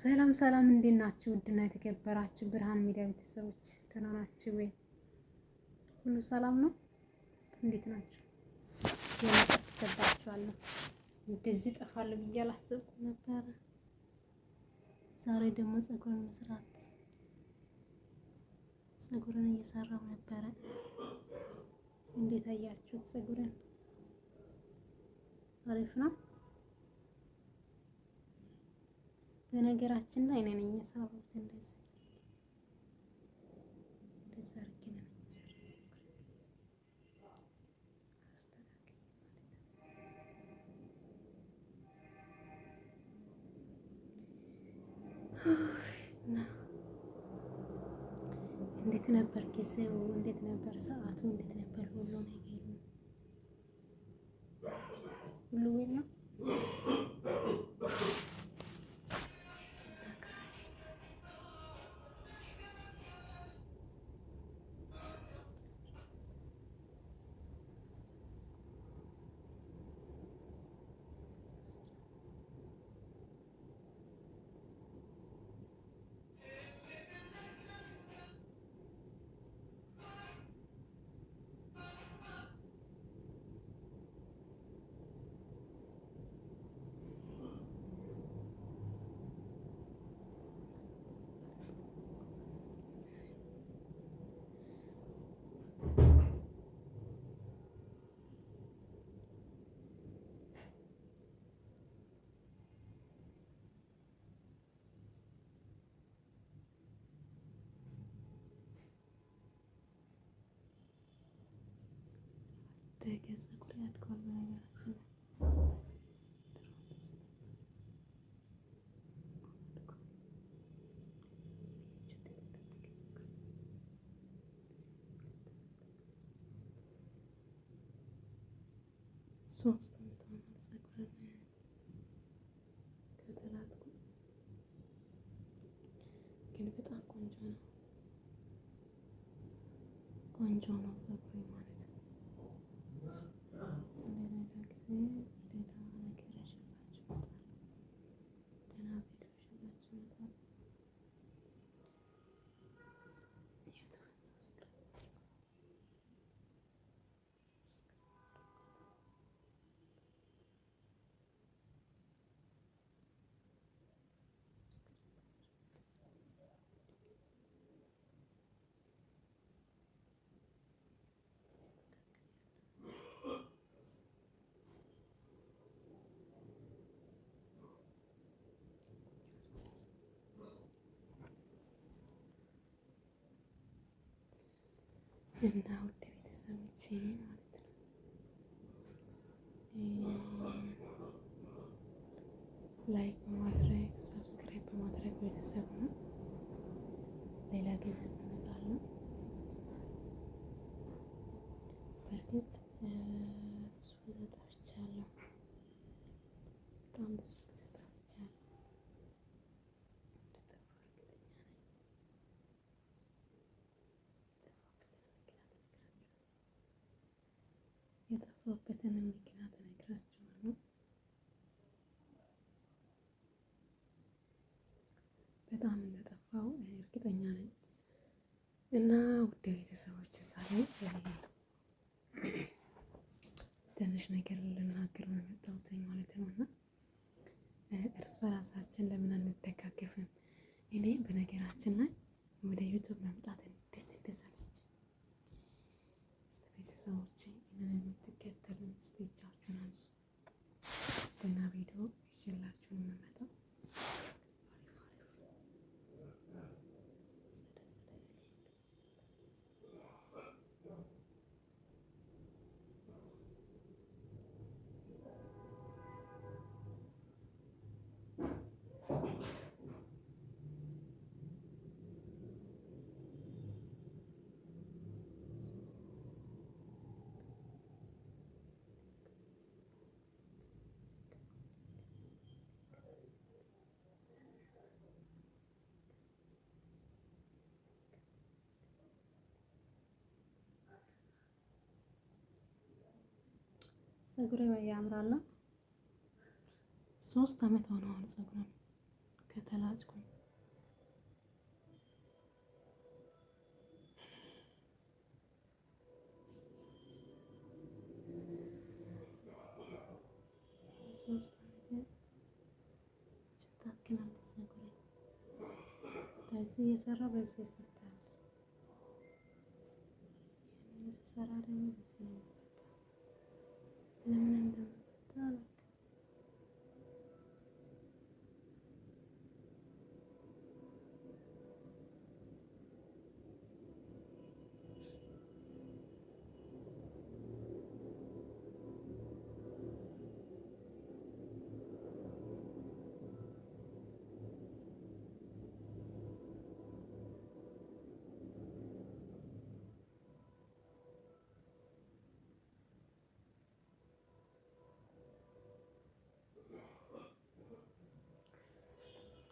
ሰላም ሰላም፣ እንዴት ናችሁ? ውድና የተከበራችሁ ብርሃን ሚዲያ ቤተሰቦች ደህና ናችሁ ወይ? ሁሉ ሰላም ነው? እንዴት ናችሁ? የመጣችሁባችኋለሁ። እንደዚህ ጠፋለሁ ብዬ አላሰብኩም ነበረ። ዛሬ ደግሞ ፀጉርን መስራት ፀጉርን እየሰራው ነበረ። እንዴት አያችሁት? ፀጉርን አሪፍ ነው። በነገራችን ላይ እኔ ነኝ የሳልኩት እንደዚህ እንዴት ነበር ጊዜው? እንዴት ነበር ሰዓቱ? እንዴት ነበር ሁሉ ነገሩ? ሁሉ ነው ያደረገ ፀጉር ያድጋል ብለን ያስባል። ሶስት ግን በጣም ቆንጆ ነው፣ ቆንጆ ነው ፀጉሬ ማለት ነው። Mm-hmm. እና ውድ ቤተሰቦች ማለት ነው ላይክ በማድረግ ሰብስክራይብ በማድረግ ቤተሰብ ነው። ሌላ ጊዜ እንመጣለን በእርግጥ የጠፋበትን ምክንያት እነግራችኋለሁ። በጣም እንደጠፋው እርግጠኛ ነኝ እና ውድ ቤተሰቦች ዛሬ ትንሽ ነገር ልናገር ነው የመጣሁት ማለት ነው እና እርስ በራሳችን ለምን አንደጋገፍም? እኔ በነገራችን ላይ ወደ ዩቱብ መምጣት እንዴት እንደሰለች ቤተሰቦች ፀጉሬ ወይ ያምራል። ሶስት አመት ሆነዋል ፀጉሬን ከተላጭኩኝ። በዚህ እየሰራ በዚህ ይፈታል። ስሰራ ደግሞ በዚህ ነው ለምን እንደመጣ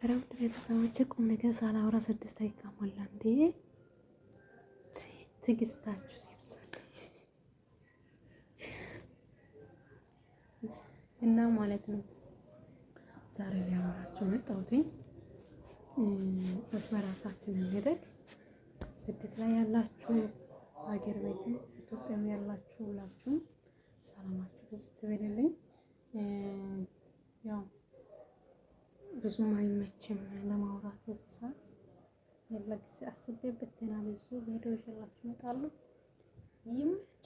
ረውድ ቤተሰቦች ቁም ነገር ሳላወራ ስድስት ደቂቃ እንዴ ትግስታችሁ እና ማለት ነው ዛሬ ሊያወራችሁ መጣሁትኝ እርስ በራሳችን እንደግ ስደት ላይ ያላችሁ ሀገር ቤትም ኢትዮጵያም ያላችሁ ሁላችሁም ሰላማችሁ ብዙ ትበልልኝ ያው ብዙም አይመችም ለማውራት በዚህ ሰዓት። ሌላ ጊዜ አስቤበት ገና ብዙ ቪዲዮ ይዤላችሁ እመጣለሁ። ይመች